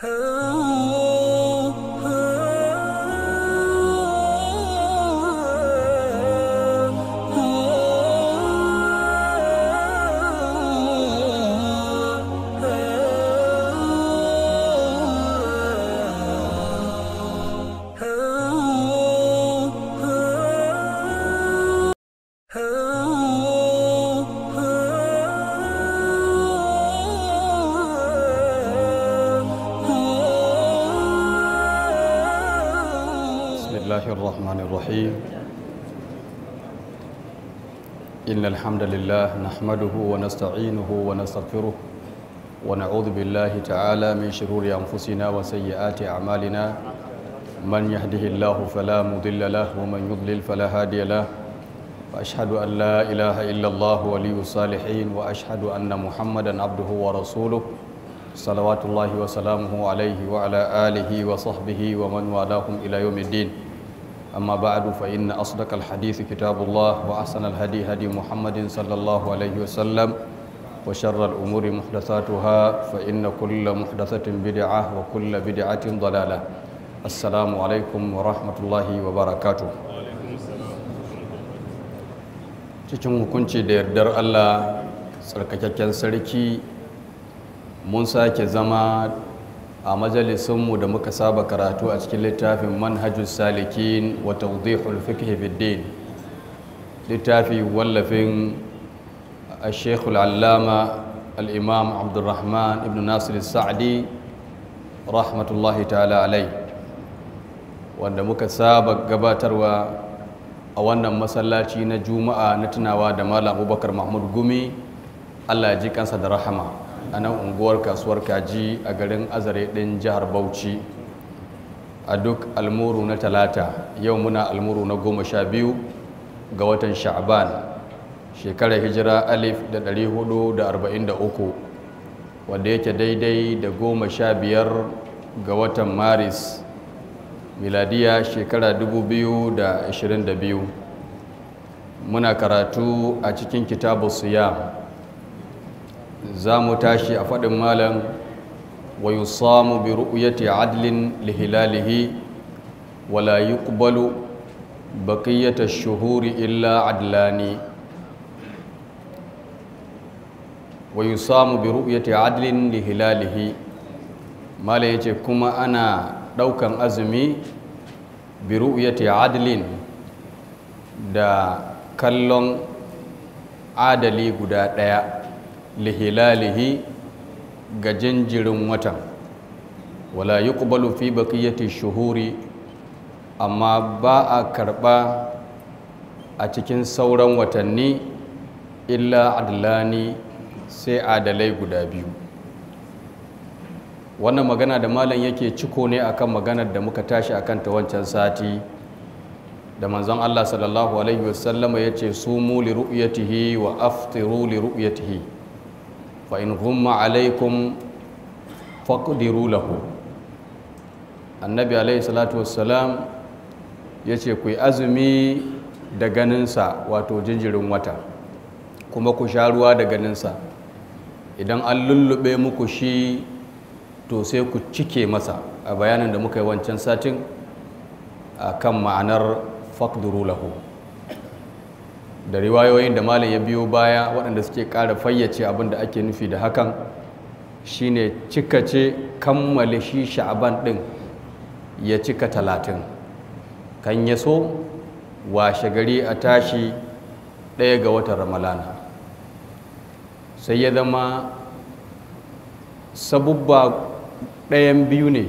Oh. الرحيم إن الحمد لله نحمده ونستعينه ونستغفره ونعوذ بالله تعالى من شرور أنفسنا وسيئات أعمالنا من يهده الله فلا مضل له ومن يضلل فلا هادي له وأشهد أن لا إله إلا الله ولي الصالحين وأشهد أن محمدا عبده ورسوله صلوات الله وسلامه عليه وعلى آله وصحبه ومن والاهم إلى يوم الدين أما بعد فإن أصدق الحديث كتاب الله وأحسن الهدي هدي محمد صلى الله عليه وسلم وشر الأمور محدثاتها فإن كل محدثة بدعة وكل بدعة ضلالة السلام عليكم ورحمة الله وبركاته cikin hukunci da yardar Allah tsarkakakken sarki mun sake zama a majalisunmu da muka saba karatu a cikin littafin manhajus salikin wata tawdihul fiqh fi din littafi wallafin a shekul الإمام al'imam abdulrahman ibn nasir saadi rahmatullahi ta'ala alai عليه wanda muka saba gabatarwa a wannan masallaci na juma'a na tunawa da malam abubakar mahmud gumi allah ji kansa da rahama a nan unguwar kasuwar kaji a garin azare ɗin jihar bauchi a duk almuru na talata yau muna almuru na goma sha biyu ga watan sha'ban shekarar hijira alif da ɗari hudu da arba'in da uku wadda yake daidai da goma sha biyar ga watan maris miladiya shekara dubu biyu da ashirin da biyu muna karatu a cikin kitabu siyam za mu tashi a faɗin malam wa yusamu bi ru'yati adlin lihilalihi wa la yuqbalu baqiyata shuhuri illa adlani wa yusamu bi ru'yati adlin lihilalihi malam yace kuma ana ɗaukan azumi bi ru'yati adlin da kallon adali guda ɗaya lihilalihi ga jinjirin watan wala kubalu fi yati shuhuri amma ba a karɓa a cikin sauran watanni illa adlani sai adalai guda biyu wannan magana da malam yake ciko ne akan maganar da muka tashi akan ta wancan sati da manzon Allah sallallahu alaihi wasallama ya ce sumu li ru'yatihi wa aftiru li ru'yatihi fa'in humma alaikum faƙudiru lahu annabi alaihi salatu wassalam ya ce ku azumi da ganinsa wato jinjirin wata kuma ku sha ruwa da ganinsa idan an lullube muku shi to sai ku cike masa a bayanin da muka yi wancan satin a kan ma'anar faƙudiru lahu da riwayoyin da malam ya biyo baya waɗanda suke ƙara fayyace abin da ake nufi da hakan shine ce kammale shi sha'aban ɗin ya cika talatin kan ya so washe gari a tashi ɗaya ga watan ramalana sai ya zama sabubba ɗayan biyu ne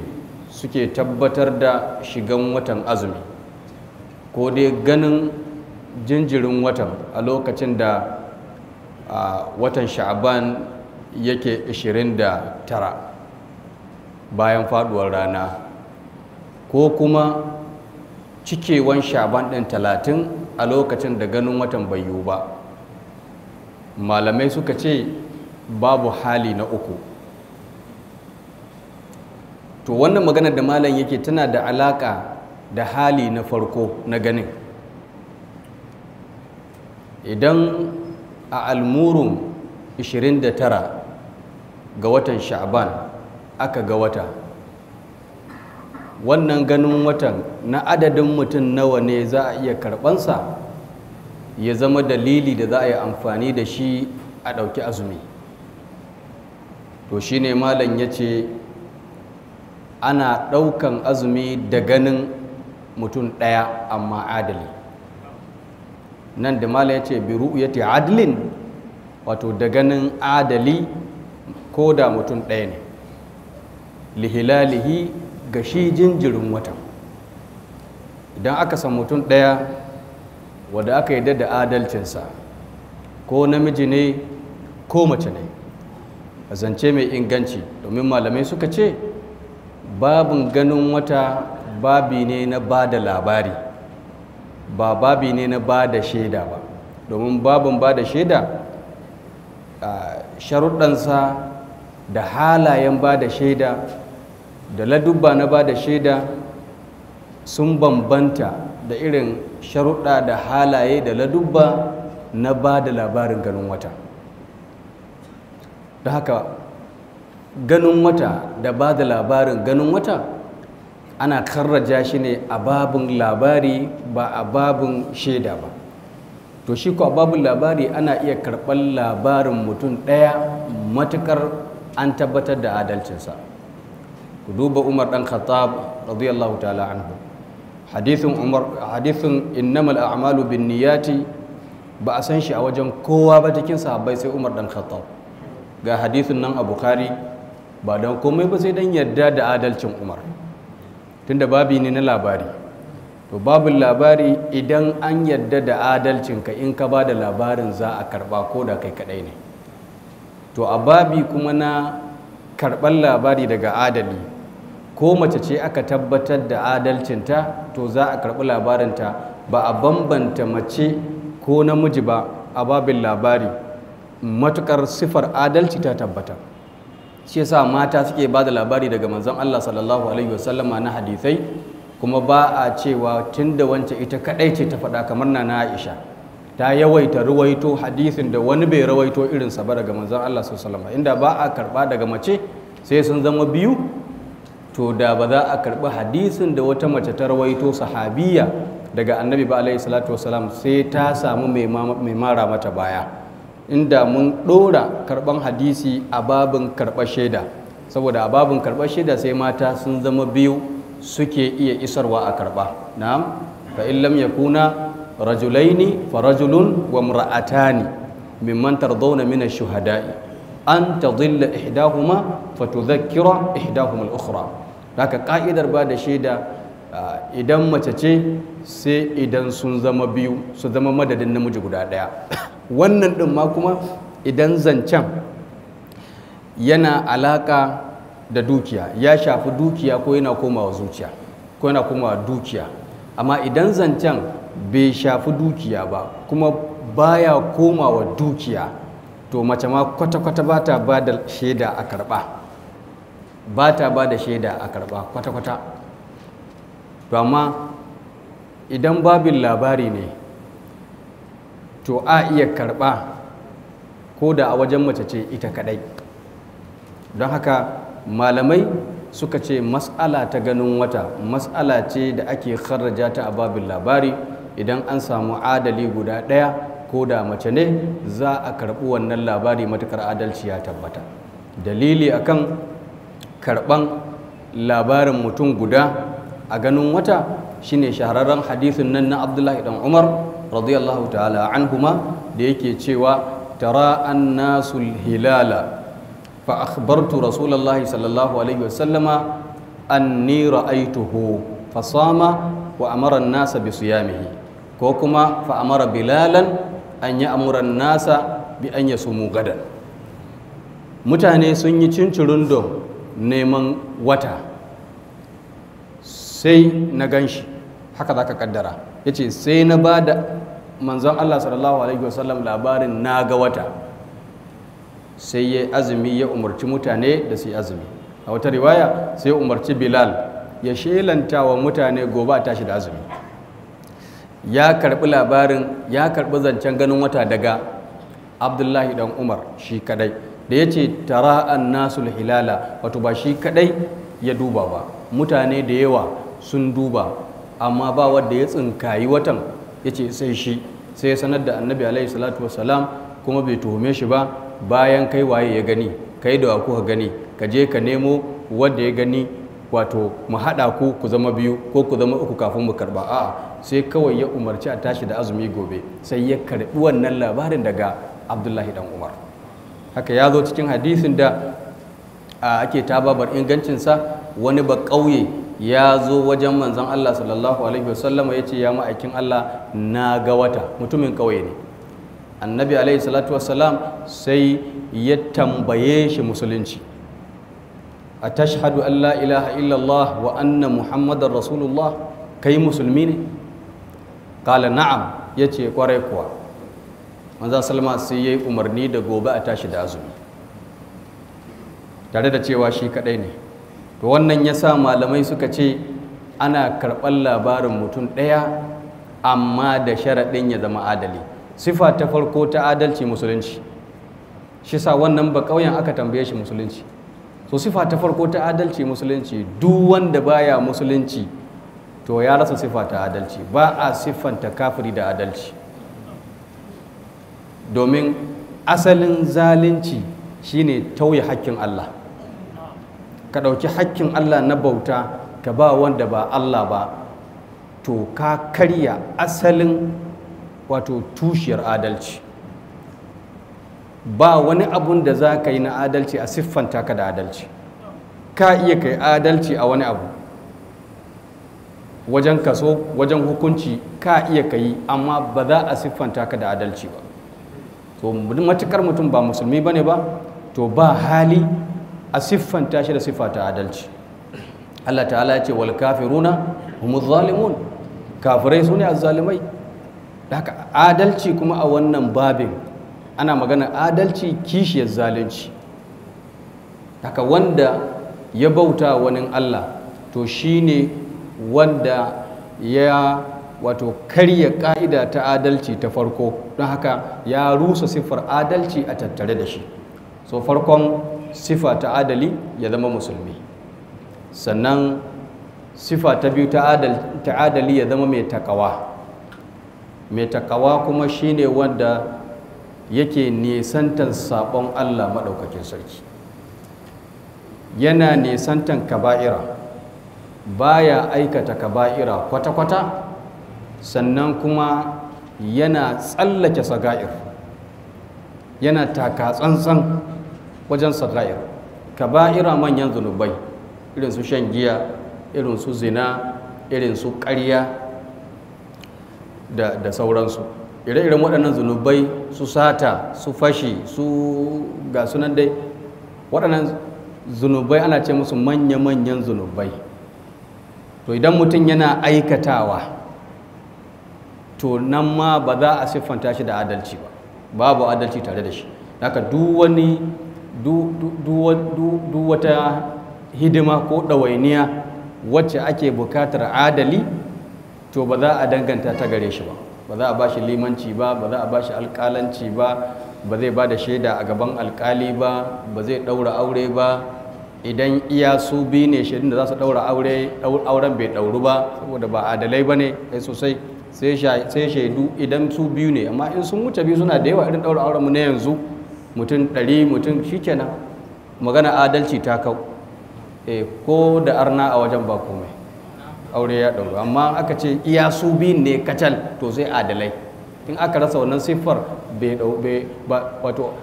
suke tabbatar da shigan watan azumi ko dai ganin jinjirin watan a lokacin da watan sha'aban yake 29 bayan faduwar rana ko kuma cikewan sha'aban ɗin 30 a lokacin da ganin watan bai yiwu ba malamai suka ce babu hali na uku to wannan maganar da malam yake tana da alaka da hali na farko na ganin idan a almurun 29 ga watan sha'aban aka ga wata wannan ganin watan na adadin mutum nawa ne za a iya karbansa ya zama dalili da za a yi amfani da shi a ɗauki azumi to shi ne malam ya ce ana ɗaukan azumi da ganin mutum ɗaya amma adali nan da mala ya ce bi ru'yati adlin wato da ganin adali ko da mutum ɗaya ne lihilalihi ga shi jinjirin wata. idan aka san mutum ɗaya wadda aka yi da adalcinsa ko namiji ne ko mace ne a zance mai inganci domin malamai suka ce babin ganin wata babi ne na ba da labari ba babi ne na ba da shaida ba domin babin ba da shaida sharuɗansa da halayen ba da shaida da ladubba na ba da shaida sun bambanta da irin sharuɗa da halaye da ladubba na ba da labarin ganin wata da haka ganin wata da ba da labarin ganin wata ana karraja shi ne a babin labari ba a babin shaida ba to shi ko a babin labari ana iya karɓar labarin mutum ɗaya matukar an tabbatar da adalcinsa ku duba umar ɗan khattab radiyallahu ta'ala anhu hadithin umar hadithin innamal a'malu bin niyati ba a san shi a wajen kowa ba cikin sahabbai sai umar ɗan khattab ga hadithin nan a bukhari ba don komai ba sai don yarda da adalcin umar tunda babi ne na labari to babin labari idan an yadda da adalcinka in ka ba da labarin za a karba ko da kai kadai ne to a babi kuma na karɓar labari daga adali ko mace ce aka tabbatar da adalcinta to za a karɓi labarinta ba a bambanta mace ko namiji ba a babin labari matukar sifar adalci ta tabbatar. shi yasa mata suke ba da labari daga manzon Allah sallallahu alaihi wasallama na hadisai kuma ba a cewa tunda wancan ita kadai ce ta faɗa kamar na Aisha ta yawaita ruwaito hadisin da wani bai ruwaito irin sa ba daga manzon Allah sallallahu alaihi inda ba a karba daga mace sai sun zama biyu to da ba za a karbi hadisin da wata mace ta rawaito sahabiya daga annabi ba alaihi sai ta samu mai mara mata baya inda mun ɗora karɓan hadisi a babin karɓar shaida saboda a babin karɓar shaida sai mata sun zama biyu suke iya isarwa a karɓa na'am fa illam yakuna rajulaini fa rajulun wa imra'atani mimman tardawna min ash-shuhada'i an tadilla ihdahuma fa tudhakkira ihdahuma al-ukhra haka ka'idar ba da shaida Ah, idan mace ce sai idan sun zama biyu su zama madadin namiji guda daya wannan din ma kuma idan zancen yana alaka da dukiya ya shafi dukiya ko yana komawa zuciya ko yana komawa dukiya amma idan zancen bai shafi dukiya ba kuma baya komawa dukiya to mace ma kwata-kwata ba ta ba da shaida a karba. ba kwata-kwata to amma idan babin labari ne to a iya karɓa ko da a wajen mace ce ita kaɗai don haka malamai suka ce matsala ta ganin wata matsala ce da ake kharraja ta a babin labari idan an samu adali guda ɗaya ko da mace ne za a karɓi wannan labari matukar adalci ya tabbata dalili akan karɓan labarin mutum guda a ganin wata shine shahararren hadisin nan na abdullahi dan umar radiyallahu ta'ala kuma da yake cewa tara an annasul hilala fa akhbartu rasulullahi sallallahu alaihi wasallama anni ra'aituhu fa sama wa amara an-nasa bi siyamihi ko kuma fa amara bilalan an ya'mura an-nasa bi an yasumu gadan mutane sun yi cincirin don neman wata sai na gan shi haka za ka kaddara ya ce sai na ba da manzon Allah sallallahu alaihi wasallam labarin na ga wata sai ya azumi ya umarci mutane da su azumi a wata riwaya sai umarci bilal ya shelanta wa mutane gobe a tashi da azumi ya karbi labarin ya karbi zancen ganin wata daga abdullahi dan umar shi kadai da ya ce tara an nasu hilala wato ba shi kadai ya duba ba mutane da yawa sun duba amma ba wadda ya tsinkayi watan ya ce sai shi sai ya sanar da annabi alaihi salatu wasalam kuma bai tuhume shi ba bayan kai waye ya gani kai da kuka gani ka je ka nemo wadda ya gani wato mu haɗa ku ku zama biyu ko ku zama uku kafin mu karba a'a sai kawai ya umarci a tashi da azumi gobe sai ya karɓi wannan labarin daga abdullahi dan umar haka ya zo cikin hadisin da ake tababar ingancinsa wani ba ƙauye ya zo wajen manzon Allah sallallahu alaihi wasallama ya ya ma'aikin Allah na ga wata mutumin ƙauye ne annabi alaihi salatu wasalam sai ya tambaye shi musulunci a tashhadu an la ilaha illallah wa anna muhammadar rasulullah kai musulmi ne kala na'am ya ce kwarai kuwa manzon salma sai ya yi umarni da gobe a tashi da azumi tare da cewa shi kaɗai ne to wannan ya sa malamai suka ce ana karɓar labarin mutum ɗaya amma da sharaɗin ya zama adali sifa ta farko ta adalci musulunci shi sa wannan ba ƙauyen aka tambaye shi musulunci so sifa ta farko ta adalci musulunci duk wanda baya musulunci to ya rasa sifa ta adalci ba a siffanta kafiri da adalci domin asalin zalunci shine tauye hakkin Allah ka ɗauki hakkin Allah na bauta ka ba wanda ba Allah ba to ka karya asalin wato tushiyar adalci ba wani abun da za ka yi na adalci a siffanta ka da adalci ka iya kai adalci a wani abu wajen kaso wajen hukunci ka iya ka amma ba za a siffanta ka da adalci ba to matukar mutum ba musulmi ba ne ba to ba hali a siffanta shi da siffa ta adalci Allah ta'ala ya ce wal kafiruna humuz zalimun kafirai sune azzalimai haka adalci kuma a wannan babin ana magana adalci kishiyar zalunci haka wanda ya bauta wani Allah to shine wanda ya wato karya ka'ida ta adalci ta farko don haka ya rusa siffar adalci a tattare da shi so farkon sifa ta adali ya zama musulmi sannan sifa ta biyu ta adali ya zama mai takawa mai takawa kuma shine wanda yake nisantan sabon Allah maɗaukakin sarki yana nisantan kaba'ira baya aikata kaba'ira kwata-kwata sannan kuma yana tsallake saga'ir yana taka tsantsan wajen ba kaba'ira manyan zunubai irin su shan giya irin su zina irin su ƙarya da, sauransu ire-iren waɗannan zunubai su sata su fashi su ga sunan dai waɗannan zunubai ana ce musu manya-manyan zunubai to idan mutum yana aikatawa to nan ma ba za a siffanta shi da adalci ba babu adalci tare da shi haka duk wani duk wata hidima ko ɗawainiya wacce ake bukatar adali to ba za a danganta ta gare shi ba ba za a ba shi limanci ba ba za a ba shi alƙalanci ba ba zai ba da shaida a gaban alƙali ba ba zai ɗaura aure ba idan iya su bi ne shaidun da za su ɗaura aure auren bai ɗauru ba saboda ba adalai ba ne kai sosai sai shaidu idan su biyu ne amma in sun wuce biyu suna da yawa irin ɗaura auren mu na yanzu mutum ɗari mutum shi kenan magana adalci ta kau e ko da arna a wajen ba komai aure ya ɗauru amma aka ce iya su bi ne kacal to sai adalai in aka rasa wannan siffar bai ba wato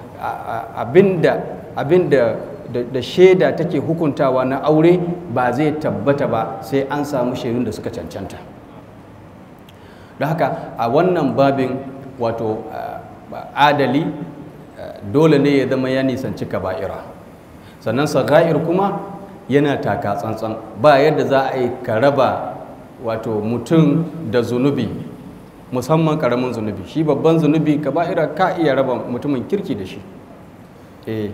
abinda abinda da shaida take hukuntawa na aure ba zai tabbata ba sai an samu shaidun da suka cancanta don haka a wannan babin wato adali dole ne ya zama ya nisanci kaba'ira sannan saga'ir kuma yana taka tsantsan ba yadda za a yi ka raba wato mutum da zunubi musamman karamin zunubi shi babban zunubi kaba'ira ka iya raba mutumin kirki da shi eh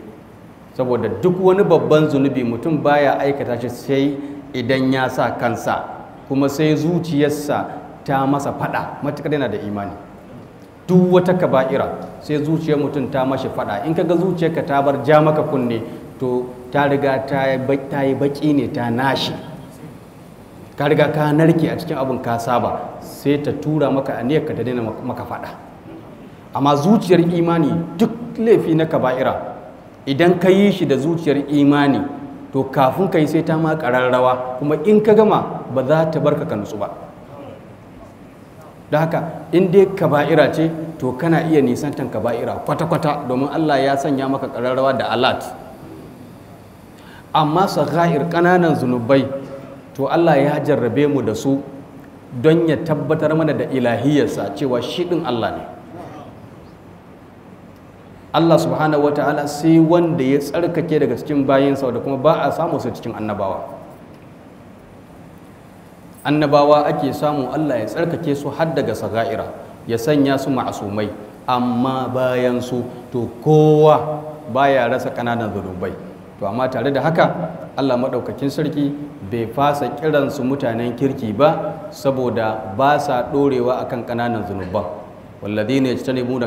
saboda duk wani babban zunubi mutum baya aikata shi sai idan ya sa kansa kuma sai zuciyarsa ta masa fada matuƙar yana da imani duk wata kaba'ira sai zuciyar mutum ta mashi fada in kaga zuciyarka ta bar ja maka kunne to ta riga ta yi baki ne ta nashi ka riga ka narke a cikin abin ka saba sai ta tura maka a niyyar ka ta daina maka fada amma zuciyar imani duk laifi na kaba'ira idan ka yi shi da zuciyar imani to kafin ka yi sai ta ma ƙararrawa kuma in ka gama ba za ta barka ka nutsu ba don haka in dai kaba'ira ce to kana iya nisantan kaba'ira kwata-kwata domin Allah ya sanya maka ƙararrawa da alat amma sagha'ir ƙananan zunubai to Allah ya jarrabe mu da su don ya tabbatar mana da ilahiyarsa cewa shi ɗin Allah ne Allah subhanahu ta'ala sai wanda ya tsarkake daga cikin bayinsa da kuma ba a samu su cikin annabawa annabawa ake samu Allah ya tsarkake su har daga saga'ira ya sanya su ma'asumai amma bayan su to kowa baya rasa ƙananan zunubai to amma tare da haka Allah maɗaukakin sarki bai fasa kiran su mutanen kirki ba saboda ba sa ɗorewa akan ƙananan zunuban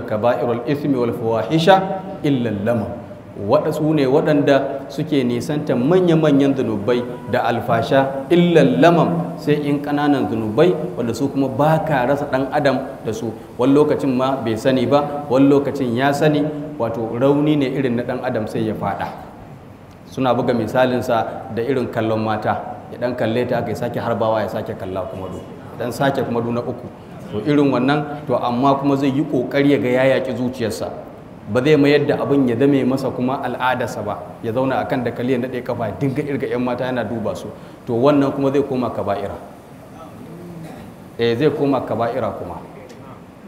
kaba'ir al-ithmi wal fawahisha illa lamam waɗansu ne waɗanda suke nisanta manya-manyan zunubai da alfasha illan lamam sai in ƙananan zunubai wanda su kuma ba ka rasa ɗan adam da su wani lokacin ma bai sani ba wani lokacin ya sani wato rauni ne irin na ɗan adam sai ya faɗa suna buga misalinsa da irin kallon mata ya ɗan kalle ta aka sake harbawa ya sake kalla kuma du dan sake kuma du na uku to irin wannan to amma kuma zai yi ƙoƙari ya ga ya yaƙi zuciyarsa ba zai mayar da abin ya zame masa kuma al'adarsa ba ya zauna akan da kaliyar ɗaya kafa dinga irga 'yan mata yana duba su to wannan kuma zai koma kaba'ira eh zai koma kaba'ira kuma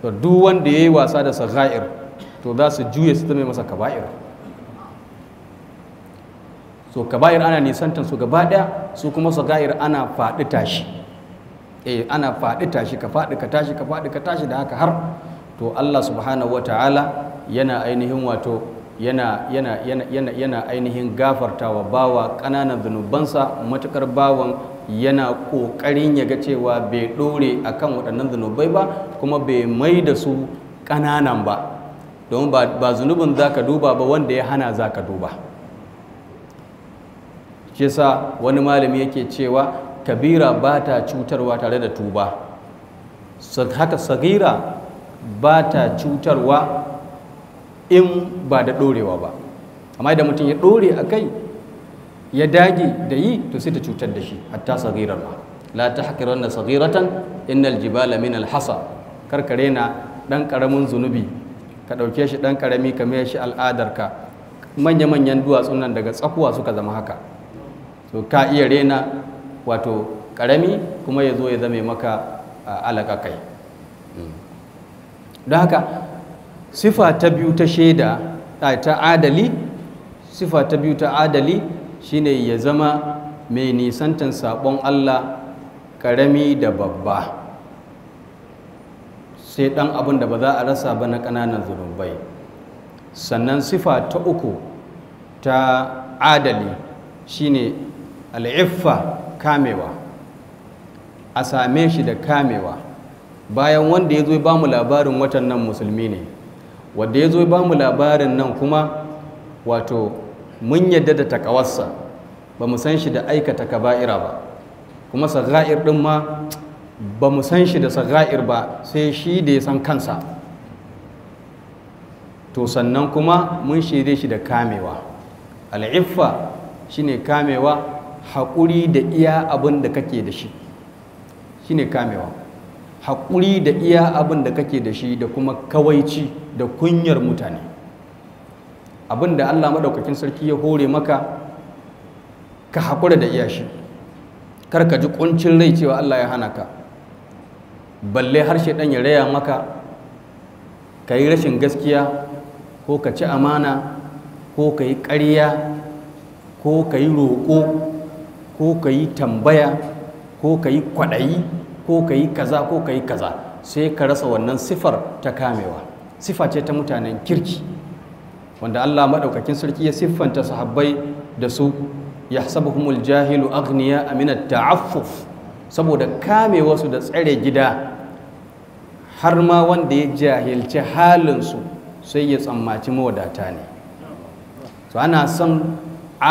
to duk wanda ya yi wasa da saga'ir to za su juye su zame masa kaba'ira so kaba'ir ana nisantar su gaba ɗaya su kuma saga'ir ana faɗi tashi eh ana faɗi tashi ka faɗi ka tashi ka faɗi ka tashi da haka har to Allah subhanahu wa ta'ala yana ainihin wato yana yana yana yana yana ainihin gafartawa bawa ƙananan zunubansa matukar bawan yana ƙoƙarin ya ga cewa bai ɗore akan waɗannan zunubai ba kuma bai mai da su ƙananan ba domin ba zunubin za ka duba ba wanda ya hana za ka duba kisa wani malami yake cewa kabira ba ta cutarwa tare da tuba haka sagira ba ta cutarwa in ba da ɗorewa ba amma idan mutum ya ɗore a kai ya dage da yi to sai ta cutar da shi hatta sagirar ma la ta haƙirar da sagiratan innal jibala min alhasa karkare na ɗan ƙaramin zunubi ka ɗauke shi ɗan ƙarami ka mai shi al'adarka manya-manyan duwatsun nan daga tsakuwa suka zama haka to ka iya rena wato ƙarami kuma ya zo ya zame maka alaƙa kai hmm. don haka sifa ta biyu ta shaida ta adali sifa ta biyu ta adali shine ya zama mai nisantan sabon Allah karami da babba sai dan abin da ba za a rasa ba na kananan zurubai sannan sifa ta uku ta adali shine al'iffa kamewa a same shi da kamewa bayan wanda ya zo ba mu labarin watan nan musulmi ne wadda ya zo ba mu labarin nan kuma wato mun yadda da takawarsa ba mu san shi da aikata kaba'ira ba kuma sagha'ir din ma ba mu san shi da sagha'ir ba sai shi da ya san kansa to sannan kuma mun shirye shi da kamewa al'iffa shine kamewa haƙuri da iya abin da kake da shi shine kamewa haƙuri da iya abin da kake da shi da kuma kawaici da kunyar mutane abin da allah maɗaukakin sarki ya hore maka ka haƙura da iya shi kar ka ji ƙuncin rai cewa allah ya hana ka balle harshe ɗan ya raya maka ka yi rashin gaskiya ko ka ci amana ko ka yi ƙarya ko ka yi roƙo ko ka yi tambaya ko ka yi kwaɗayi ko ka yi kaza ko ka yi kaza sai ka rasa wannan sifar ta kamewa sifa ce ta mutanen kirki wanda Allah maɗaukakin sarki ya siffanta sahabbai da su ya sabuhumul jahilu agniya aminat ta'affuf saboda kamewa su da tsare gida har ma wanda ya jahilci halinsu sai ya tsammaci mawadata ne so ana son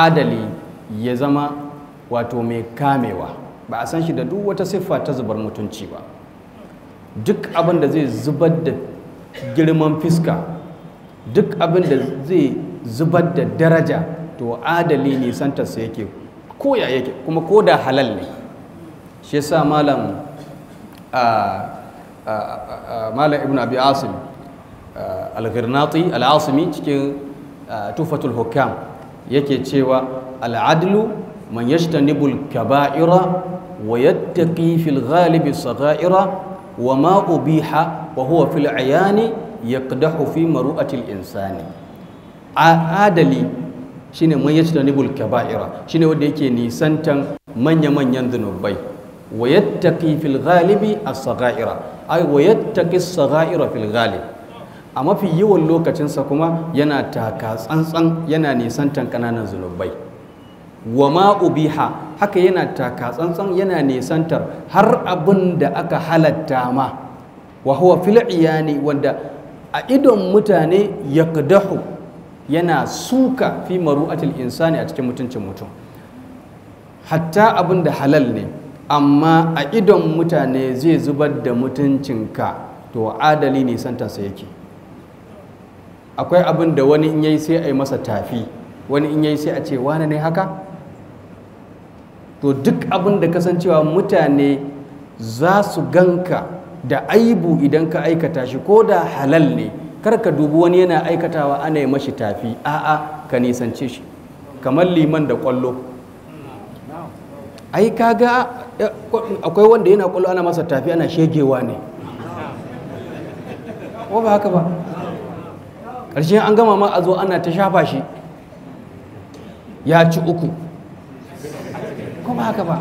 adali ya zama wato mai kamewa ba a san shi da duk wata siffa ta zubar mutunci ba duk abin da zai zubar da girman fiska duk abin da zai zubar da daraja to adali ne santarsa yake koya yake kuma ko da halal ne shi sa malam malam ibn abi asim al-ghirnati al-asimi cikin tufatul hukam yake cewa al-adlu man yashtanibul kaba'ira wa yattaqi fil ghalibi saghaira wa ma ubiha wa huwa fil ayani yaqdahu fi maru'atil insani adali shine man yajtanibul kaba'ira shine wanda yake nisantan manya-manyan zunubai wa yattaqi fil ghalibi as-saghaira ay wa yattaqi as-saghaira fil ghalib a mafi yawan lokacinsa kuma yana taka tsantsan yana nisantan kananan zinubai. Wama ubiha, haka yana taka tsantsan yana nisantar har abin da aka halatta ma wa huwa fil iyani wanda a idon mutane ya yana suka fi maru'atul insani a cikin mutuncin mutum hatta abin da halal ne amma a idon mutane zai zubar da mutuncinka to adali nisantarsa yake akwai abin da wani in yayi sai a yi masa tafi wani in yayi sai a ce wane ne haka to duk abin da kasancewa mutane za su ganka da aibu idan ka aikata shi ko da halal ne kar ka dubi wani yana aikatawa ana yi mashi tafi a'a ka nisance shi kamar liman da kwallo ai kaga eh, akwai wanda yana kwallo ana masa tafi ana shegewa ne ko ba haka ba ƙarshen an gama ma a zo ana ta shafa shi ya ci uku ba haka ba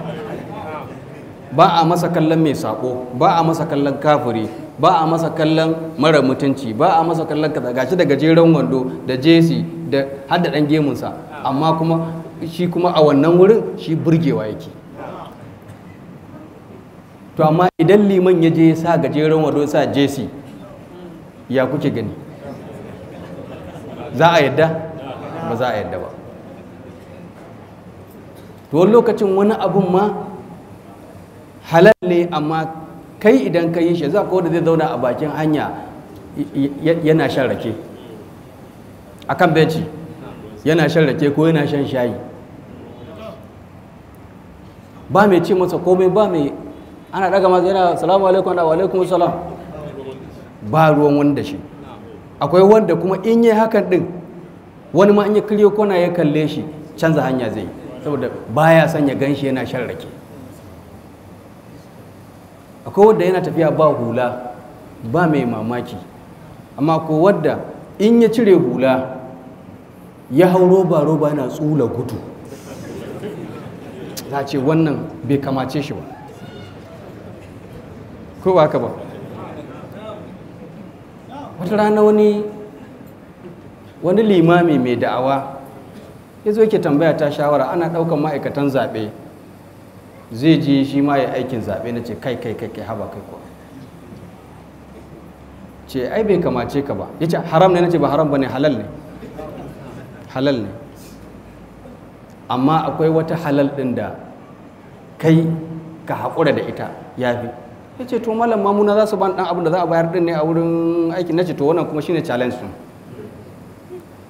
ba a masa kallon mai sako ba a masa kallon kafuri ba a masa kallon mara mutunci ba a masa kallon gashi da gajeren wando da jesi da hada dan gemunsa amma kuma shi kuma a wannan wurin shi burgewa yake to amma idan liman ya je ya sa gajeren wado sa jesi ya kuke gani za a yadda ba za a yadda ba to lokacin wani abun ma halal ne amma kai idan ka yi shi za ko da zai zauna a bakin hanya yana shan rake a kan beji yana shan rake ko yana shan shayi ba mai ce masa komai ba mai ana daga masu yana salamu alaikum wa alaikum salam ba ruwan wanda shi akwai wanda kuma in yi hakan din wani ma in yi kiryo kona ya kalle shi canza hanya zai yi saboda baya son ya ganshi yana shan rake akwai wadda yana tafiya ba hula ba mai mamaki amma ko wadda in ya cire hula ya hau roba roba yana tsula gudu za ce wannan bai kamace shi ba ko ba ka ba wata rana wani limami mai da'awa ya zo yake tambaya ta shawara ana ɗaukan ma'aikatan zaɓe zai je shi ma ya aikin zaɓe na ce kai kai kai kai haba kai kuwa ce ai bai kamace ka ba ya ce haram ne na ce ba haram ba ne halal ne halal ne amma akwai wata halal ɗin da kai ka haƙura da ita ya fi ya ce to malam mamuna za su ban ɗan abin da za a bayar ɗin ne a wurin aikin na ce to wannan kuma shine challenge ɗin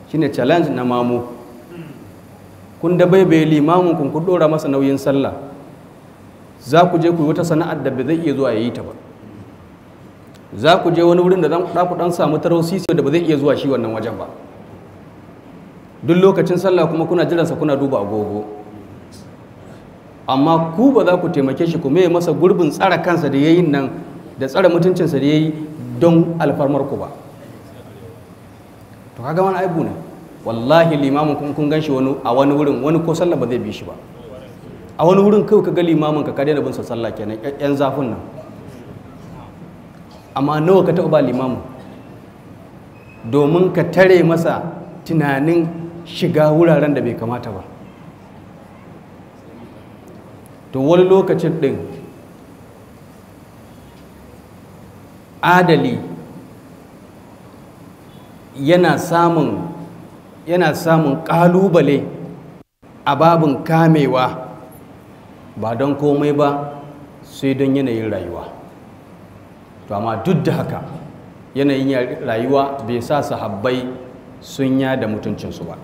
shine challenge na mamu kun da bai limamin kun kun dora masa nauyin sallah za ku je ku yi wata sana'ar da ba zai iya zuwa ya yi ta ba za ku je wani wurin da za ku dan samu tarosisi da ba zai iya zuwa shi wannan wajen ba duk lokacin sallah kuma kuna jiransa kuna duba agogo amma ku ba za ku taimake shi kuma ya masa gurbin tsara kansa da ya nan da tsara mutuncinsa da ya yi don alfarmar ku ba to kaga wani aibu ne wallahi limamin kun kun ganshi a wani wurin wani ko sallah ba zai bi shi ba a wani wurin kai ka ga limamin ka kare da bin sallah kenan yan zafin nan amma nawa ka taɓa ba limamin domin ka tare masa tunanin shiga wuraren da bai kamata ba to wani lokacin ɗin adali yana samun yana samun ƙalubale a babin kamewa ba don komai ba sai don yanayin rayuwa to amma duk da haka yanayin rayuwa bai sa sahabbai sun ya da mutuncinsu ba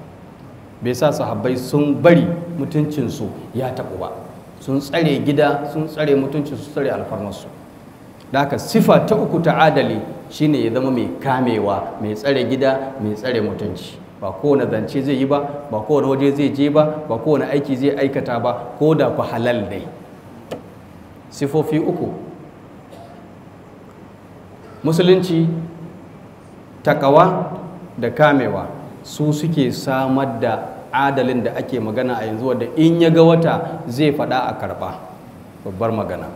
bai sa sahabbai sun bari mutuncinsu ya taɓu ba sun tsare gida sun tsare mutuncinsu tsare alfarmarsu da haka sifa ta uku ta adali shine ya zama mai kamewa mai tsare gida mai tsare mutunci ba kowane zance zai yi ba ba kowane waje zai je ba ba kowane aiki zai aikata ba ko da ku halal dai sifofi uku musulunci takawa da kamewa su suke samar da adalin da ake magana a yanzu wadda in ya ga wata zai faɗa a karɓa babbar magana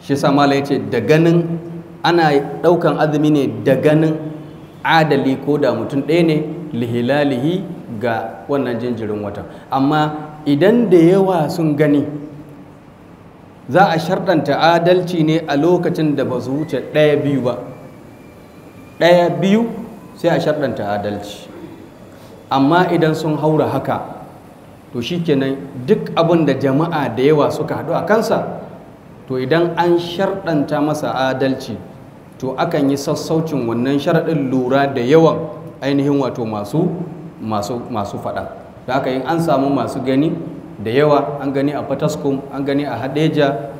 shi sama ya ce da ganin ana ɗaukan azumi ne da ganin adali ko da mutum ɗaya ne lihilalihi ga wannan jinjirin watan amma idan da yawa sun gani za a sharɗanta adalci ne a lokacin da ba su wuce ɗaya biyu ba ɗaya biyu sai a sharɗanta adalci amma idan sun haura haka to shikenan duk abin da jama'a da yawa suka haɗu a kansa to idan an sharɗanta masa adalci to akan yi sassaucin wannan sharaɗin lura da yawan ainihin wato masu masu faɗa da aka yi an samu masu gani da yawa an gani a fataskum an gani a hadeja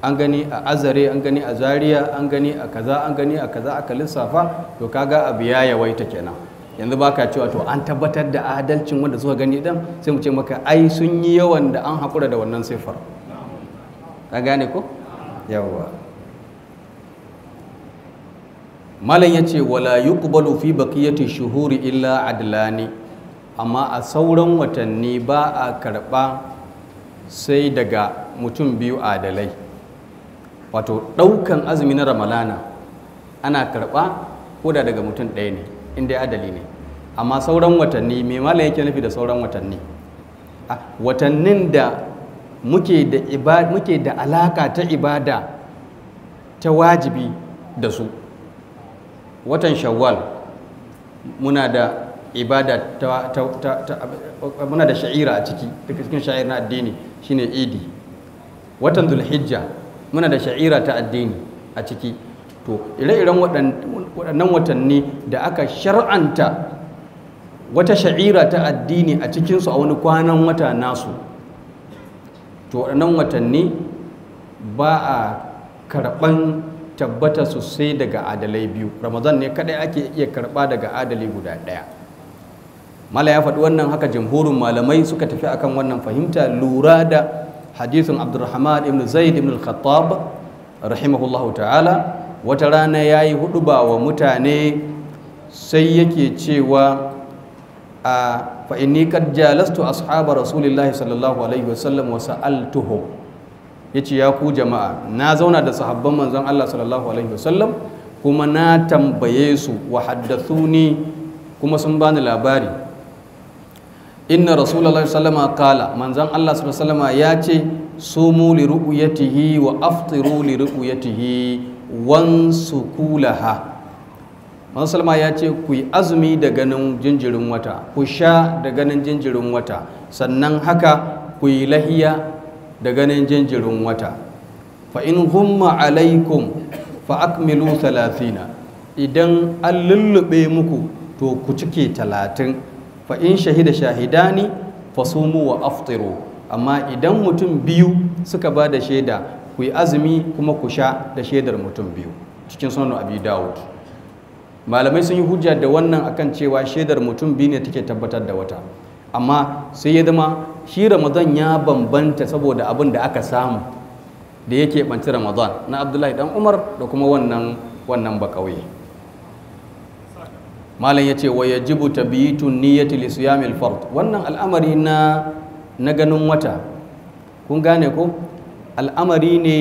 an gani a azare an gani a zaria an gani a kaza an gani a kaza aka lissafa to kaga abu ya yawaita kenan yanzu baka cewa to an tabbatar da adalcin wanda suka gani dan sai mu ce maka ai sun yi yawan da an haƙura da wannan siffar ka gane ko yawwa malam ya ce wala yuqbalu fi baqiyati shuhuri illa adlani amma a sauran watanni ba a karɓa sai daga mutum biyu adalai wato ɗaukan azumi na ramalana ana karɓa ko da daga mutum ɗaya ne inda adali ne amma sauran watanni mai malam yake nufi da sauran watanni watannin da muke da muke da alaka ta ibada ta wajibi da su watan shawwal muna da ibada ta, ta, ta, muna da sha'ira a ciki duk cikin sha'ir na addini shine idi watan zulhijja muna da sha'ira ta addini a ciki to ire-iren waɗannan watanni da aka shar'anta wata sha'ira ta addini a cikinsu a wani kwanan wata nasu to waɗannan watanni ba a karɓan tabbata sosai daga adalai biyu ramadan ne kadai ake iya karba daga adali guda daya mala ya faɗi wannan haka jamhurin malamai suka tafi akan wannan fahimta lura da hadisin abdurrahman ibn zaid ibn al-khattab rahimahullahu ta'ala wata rana ya yi ba wa mutane sai yake cewa a fa'ini kad jalastu ashaba rasulillahi sallallahu alaihi wasallam wa sa'altuhum ce ya ku jama'a na zauna da sahabban manzon Allah sallallahu alaihi wasallam kuma na tambaye su wa haddathuni kuma sun bani labari inna rasulullahi sallama kala manzon Allah sallama ya ce sumu li ru'yatihi wa aftiru li ru'yatihi wan sukulaha manzon sallama ya ce ku yi azumi da ganin jinjirin wata ku sha da ganin jinjirin wata sannan haka ku yi lahiya da ganin jinjirin wata fa in humma alaikum fa akmilu talatina idan an lullube muku to ku cike talatin fa in shahida shahidani fa sumu wa aftiru amma idan mutum biyu suka ba da shaida ku yi azumi kuma ku sha da shaidar mutum biyu cikin sunan abi dawud malamai sun yi hujja da wannan akan cewa shaidar mutum biyu ne take tabbatar da wata amma sai ya zama shi ramadan ya bambanta saboda abin da aka samu da yake banci ramadan na abdullahi dan umar da kuma wannan wannan bakauye malam ya ce wa ya jibu ya niyyati li siyamil fard wannan al'amari na na ganin wata kun gane ko al'amari ne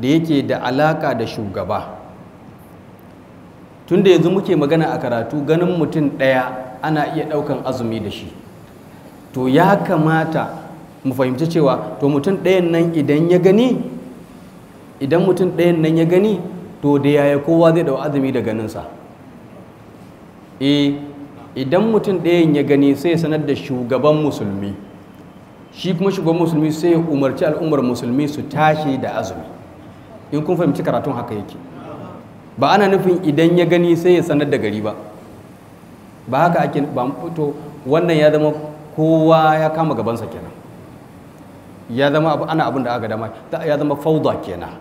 da yake da alaka da shugaba tunda yanzu muke magana a karatu ganin mutum ɗaya ana iya ɗaukan azumi da shi to ya kamata mu fahimci cewa to mutum ɗayan nan idan ya gani idan mutum ɗayan nan ya gani to da yaya kowa zai dau azumi da ganinsa e idan mutum ɗayan ya gani sai sanar da shugaban musulmi shi kuma shugaban musulmi sai ya umarci al'ummar musulmi su tashi da azumi in kun fahimci karatun haka yake ba ana nufin idan ya gani sai ya sanar da gari ba ba haka ake ba to wannan ya zama kowa ya kama gabansa kenan ya zama ana abin da aka dama ya zama fauda kenan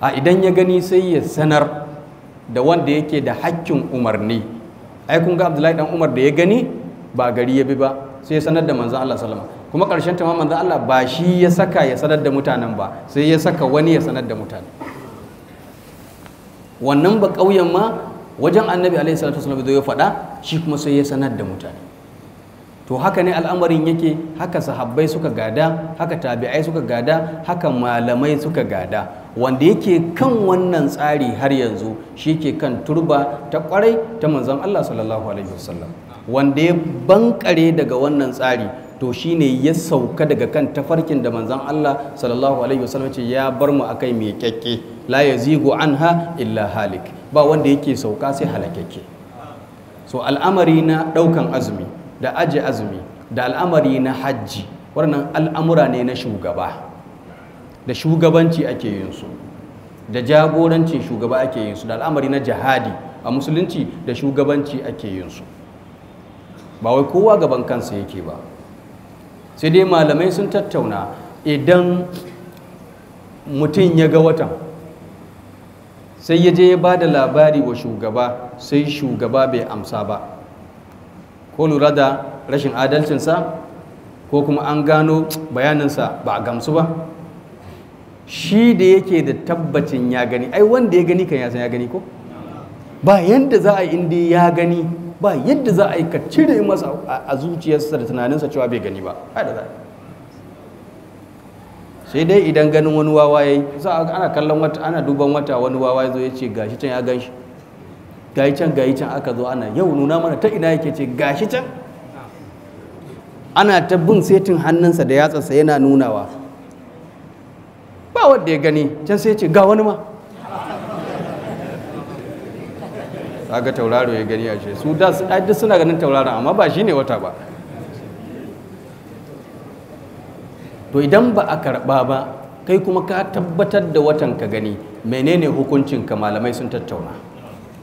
a idan ya gani sai ya sanar da wanda yake da hakkin umarni ai kun ga abdullahi dan umar da ya gani ba gari ya bi ba sai ya sanar da manzon Allah sallama kuma karshen ta manzon Allah ba shi ya saka ya sanar da mutanen ba sai ya saka wani ya sanar da mutane wannan ba ƙauyen ma wajen annabi alaihi salatu wasallam ya faɗa shi kuma sai ya sanar da mutane to haka ne al'amarin yake haka sahabbai suka gada haka tabi'ai suka gada haka malamai suka gada wanda yake kan wannan tsari har yanzu shi ke kan turba ta kwarai ta manzon Allah sallallahu alaihi wasallam wanda ya bankare daga wannan tsari to shi ne ya sauka daga kan tafarkin da manzon Allah sallallahu alaihi wasallam ce ya bar mu akai mai kyakke la yazigu anha illa halik ba wanda yake sauka sai halakakke so al'amari na daukan azumi da aji azumi da al'amari na hajji waɗannan al'amura ne na shugaba da shugabanci ake yin su da jagorancin shugaba ake yin su da al'amari na jihadi a musulunci da shugabanci ake yin su ba wai kowa gaban kansa yake ba sai dai malamai sun tattauna idan mutum ya ga watan sai ya je ya ba da labari wa shugaba sai shugaba bai amsa ba ko lura da rashin adalcinsa ko kuma an gano bayaninsa ba a gamsu ba shi da yake da tabbacin ya gani ai wanda ya gani kan yasan ya gani ko ba yadda za a yi inda ya gani ba yadda za a yi ka cire masa a zuciyarsa da tunaninsa cewa bai gani ba sai dai idan ganin wani wawaye za a ana kallon wata ana duban wata wani wawaye zo ya ce gashi can ya gan shi gayi can gayi can aka zo ana yau nuna mana ta ina yake ce gashi can ana ta bin setin hannunsa da yatsarsa yana nunawa ba wanda ya gani can sai ce ga wani ma ga tauraro ya gani ashe su da duk suna ganin tauraron amma ba shi ne wata ba to idan ba a karba ba kai kuma ka tabbatar da watan ka gani menene hukuncin ka malamai sun tattauna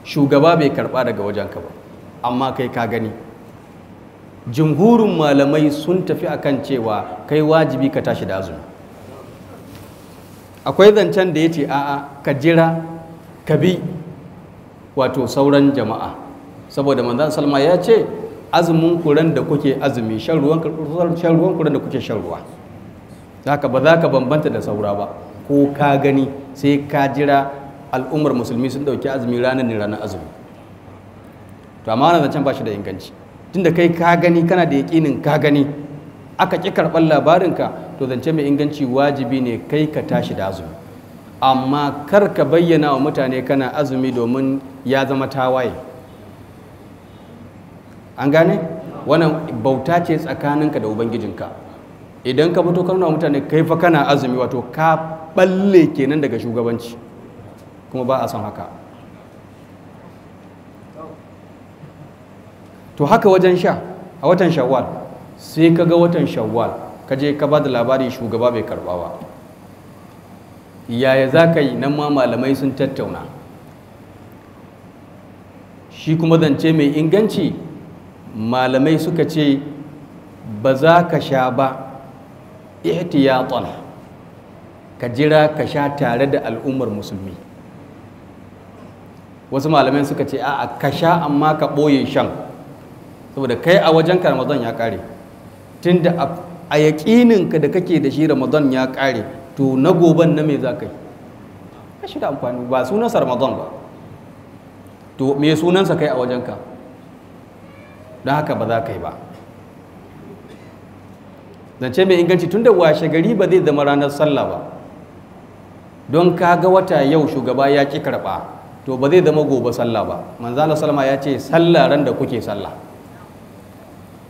shugaba bai karba daga wajenka ba amma kai ka gani jumhurin malamai sun tafi akan cewa kai wajibi ka tashi da azumi akwai zancen da ya ce a'a ka jira ka bi wato sauran jama'a saboda manzan salma ya ce azumin kuran da kuke azumi shan ruwan kuran da kuke shan ruwa ka ba za ka bambanta da saura ba ko ka gani sai ka jira al'ummar musulmi sun dauki azumi ranar ne ranar azumi to amma wannan zancen ba shi da inganci tunda kai ka gani kana da yaƙinin ka gani aka ƙi karɓar labarinka to zance mai inganci wajibi ne kai ka tashi da azumi amma kar ka bayyana wa mutane kana azumi domin ya zama tawaye an gane wannan bauta ce tsakaninka da ubangijinka idan ka fito ka nuna mutane kai fa kana azumi wato ka balle kenan daga shugabanci kuma ba a son haka to haka wajen sha a watan shawwal sai ka ga watan shawwal ka je ka ba da labari shugaba bai karba ba yaya za ka yi nan ma malamai sun tattauna shi kuma zance mai inganci malamai suka ce ba za ka sha ba ihtiyatan ka jira ka sha tare da al'ummar musulmi wasu malamai suka ce a'a ka sha amma ka ɓoye shan saboda kai a wajen ka ramadan ya ƙare tunda a yaƙininka da kake da shi ramadan ya ƙare to na goban na me za ka yi ka shi da amfani ba sunansa ramadan ba to me sunansa kai a wajenka don haka ba za ka yi ba zance mai inganci tunda washe gari ba zai zama ranar sallah ba don ka ga wata yau shugaba ya ƙi karɓa to ba zai zama gobe sallah ba manzala salama ya ce sallah ran da kuke sallah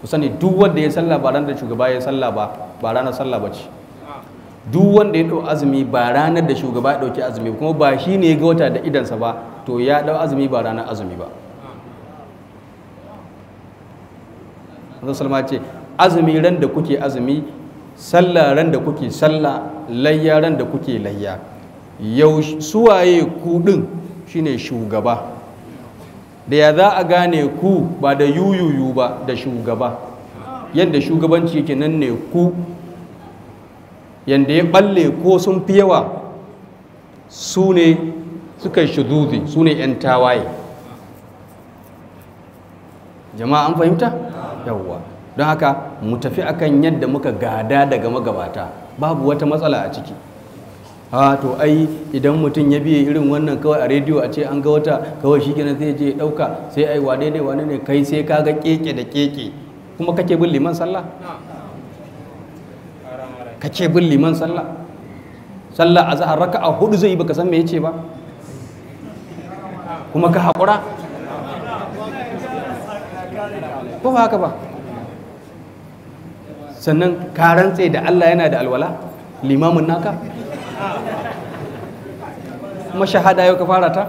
ku sani duk wanda ya sallah ba ran da shugaba ya sallah ba ba ranar sallah ba ce duk wanda ya dau azumi ba ranar da shugaba ya ɗauki azumi kuma ba shi ne ya ga wata da idansa ba to ya ɗau azumi ba ranar azumi ba manzala salama ce azumi ran da kuke azumi sallah ran da kuke sallah layya ran da kuke layya yau suwaye ku din shine shugaba da ya za a gane ku ba da yuyuyu ba da shugaba yadda shugabanci yake nan ne ku yadda ya balle ko sun fi yawa su ne suka shuduzi su ne 'yan tawaye jama'a an fahimta yawwa don haka mu tafi akan yadda muka gada daga magabata babu wata matsala a ciki a to ai idan mutum ya biye irin wannan kawai a rediyo a ce an ga wata kawai shi kenan zai je ɗauka sai ai wane ne wane ne kai sai ka ga keke da keke kuma kake bin liman sallah kake bin liman sallah sallah azhar a hudu zai baka san me yace ba kuma ka haƙura ko ba haka ba sannan karan tsaye da Allah yana da alwala limamin naka kuma shahada yau ka fara ta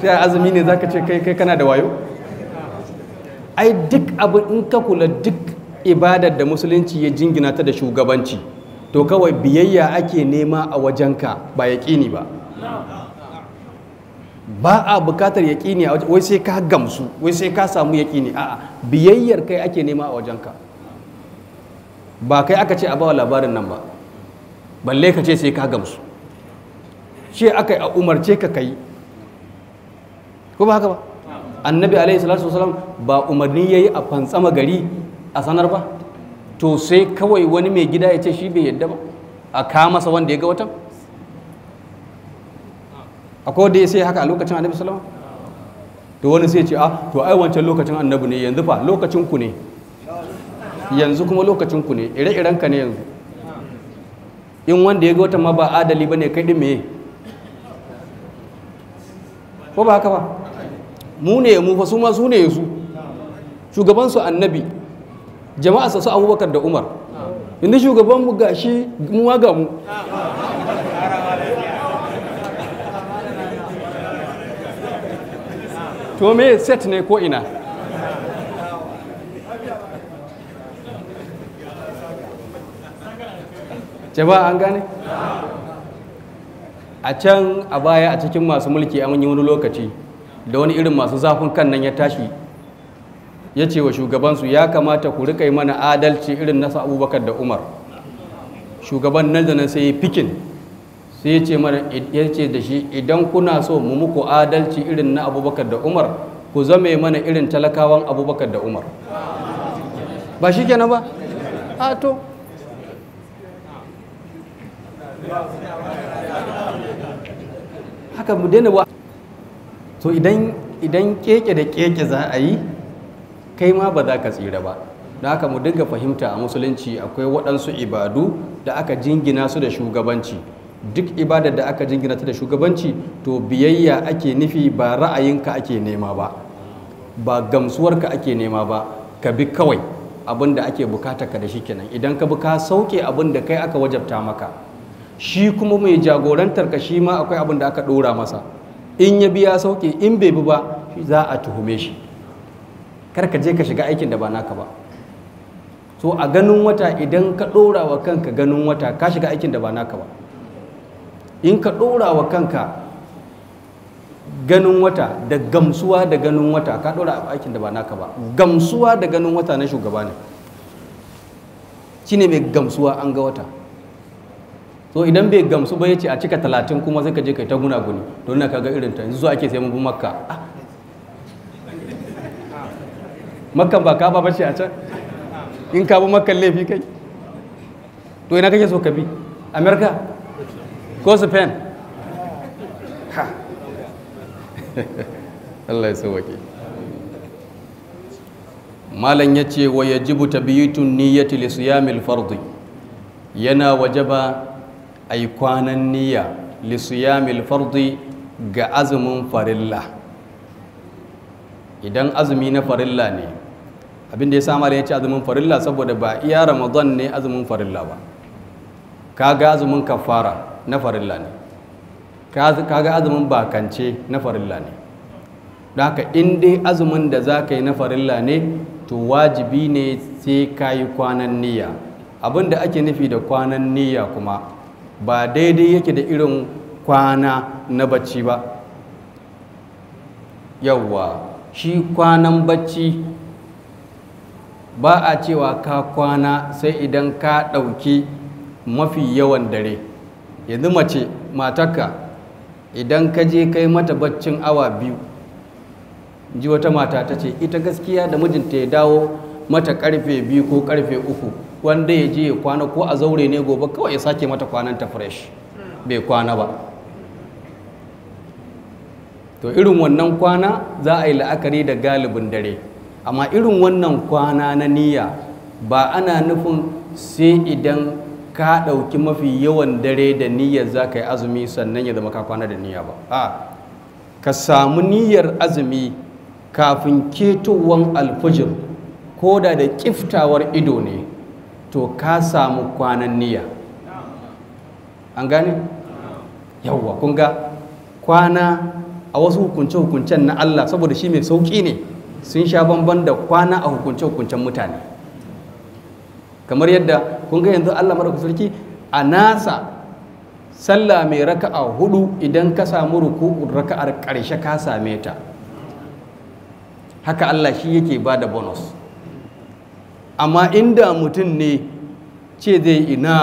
sai azumi ne zaka ce kai kai kana da wayo ai duk abu in ka kula duk ibadar da musulunci ya jingina ta da shugabanci to kawai biyayya ake nema a wajenka ba yaƙini ba ba a bukatar yaƙini a wai sai ka gamsu wai sai ka samu yaƙini a'a biyayyar kai ake nema a wajenka ba kai aka ce a bawa labarin nan ba balle ka ce sai ka gamsu ce aka yi a umarce ka kai ko ba haka ba annabi alaihi salatu wasalam ba umarni yayi a fantsama gari a sanar ba to sai kawai wani mai gida ya ce shi bai yadda ba a ka masa wanda ya ga watan akwai wanda ya sai haka a lokacin annabi salama to wani sai ce a ah, to ai wancan lokacin annabi ne yanzu fa lokacin ku ne yanzu kuma lokacin ku ne ire-iren ka ne yanzu in wanda ya ga wata ma ba adali ba ne kai ɗin meye ko ba haka ba mu ne mu fa su ma su ne su shugabansu annabi jama'a su abubakar da umar inda shugaban mu gashi mu ma ga mu to me set ne ko ina jama'a an gane a can a baya a cikin masu mulki an yi wani lokaci da wani irin masu zafin kan nan ya tashi ya ce wa shugabansu ya kamata ku rika yi mana adalci irin nasa abubakar da umar shugaban nan da nan sai ya fikin sai ya ce mana ya ce da shi idan kuna so mu muku adalci irin na abubakar da umar ku zame mana irin talakawan abubakar da umar ba shi kenan ba a haka mu daina wa to idan idan keke da keke za a yi kai ma ba za ka tsira ba da haka mu dinga fahimta a musulunci akwai waɗansu ibadu da aka jingina su da shugabanci duk ibadar da aka jingina ta da shugabanci to biyayya ake nufi ba ra'ayinka ake nema ba ba gamsuwarka ake nema ba ka bi kawai abin da ake bukata ka da shi kenan idan ka bi ka sauke abin da kai aka wajabta maka shi kuma mai jagorantar ka shi ma akwai abin da aka ɗora masa in ya biya sauke in bai bi ba za a tuhume shi kar ka je ka shiga aikin da ba naka ba so a ganin wata idan ka ɗora wa kanka ganin wata ka shiga aikin da ba naka ba in ka ɗora wa kanka ganin wata da gamsuwa da ganin wata ka ɗora aikin da ba naka ba gamsuwa da ganin wata na shugaba ne shine mai gamsuwa an ga wata so idan bai gamsu ba ya ce a cika talatin kuma sai ka je kai ta gunaguni don na kaga irin ta yanzu ake sai mun makka makka ba ka ba bace a can in ka bi makka laifi kai to ina kake so ka bi america ko spain ha Allah ya sauwake malam ya ce wa yajibu tabiyitun niyyati li siyamil fardi yana wajaba a yi kwanan niyya lissiyamil fardi ga azumin farilla idan azumi na farilla ne abinda ya samar ya ce azumin farilla saboda ba iya ramadan ne azumin farilla ba ka ga azumin kafara na farilla ne ka ga azumin bakance na farilla ne don haka inda dai azumin da za ka yi na farilla ne to wajibi ne sai ka yi kwanan niyya abin da ake nufi da kwanan niyya kuma ba daidai yake da irin kwana na bacci ba yawwa shi kwanan bacci ba a cewa ka kwana sai idan ka ɗauki mafi yawan dare yanzu mace matarka idan ka je kai mata baccin awa biyu ji wata mata ta ce ita gaskiya da mijinta ya dawo mata karfe biyu ko karfe uku wanda ya je ya kwana ko a zaure ne gobe kawai ya sake mata kwanan ta fresh bai kwana ba to irin wannan kwana za a yi la'akari da galibin dare amma irin wannan kwana na niyya ba ana nufin sai idan ka ɗauki mafi yawan dare da niyyar za ka yi azumi sannan ya zama ka kwana da niyya ba a ka samu niyyar azumi kafin ketowar alfajir ko da da kiftawar ido ne to ka samu kwanan niyya an gane yawwa kun ga kwana a wasu hukunce-hukuncen na Allah saboda shi mai sauƙi ne sun sha bamban da kwana a hukunce-hukuncen mutane kamar yadda kun ga yanzu Allah mara sarki a nasa sallah mai raka'a hudu idan ka samu ruku'u raka'ar ƙarshe ka same ta haka Allah shi yake ba da bonus amma inda mutum ne ce zai ina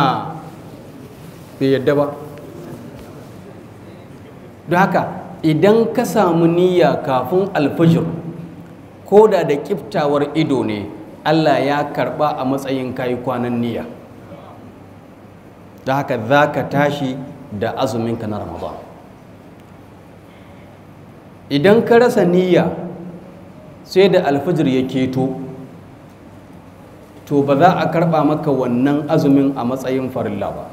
bai yadda ba don haka idan ka samu niyya kafin alfajir ko da da kiftawar ido ne allah ya karba a matsayin kayi kwanan niyya don haka za ka tashi da azuminka na ramadan idan ka rasa niyya sai da alfajir ya keto to ba za a karba maka wannan azumin a matsayin farilla ba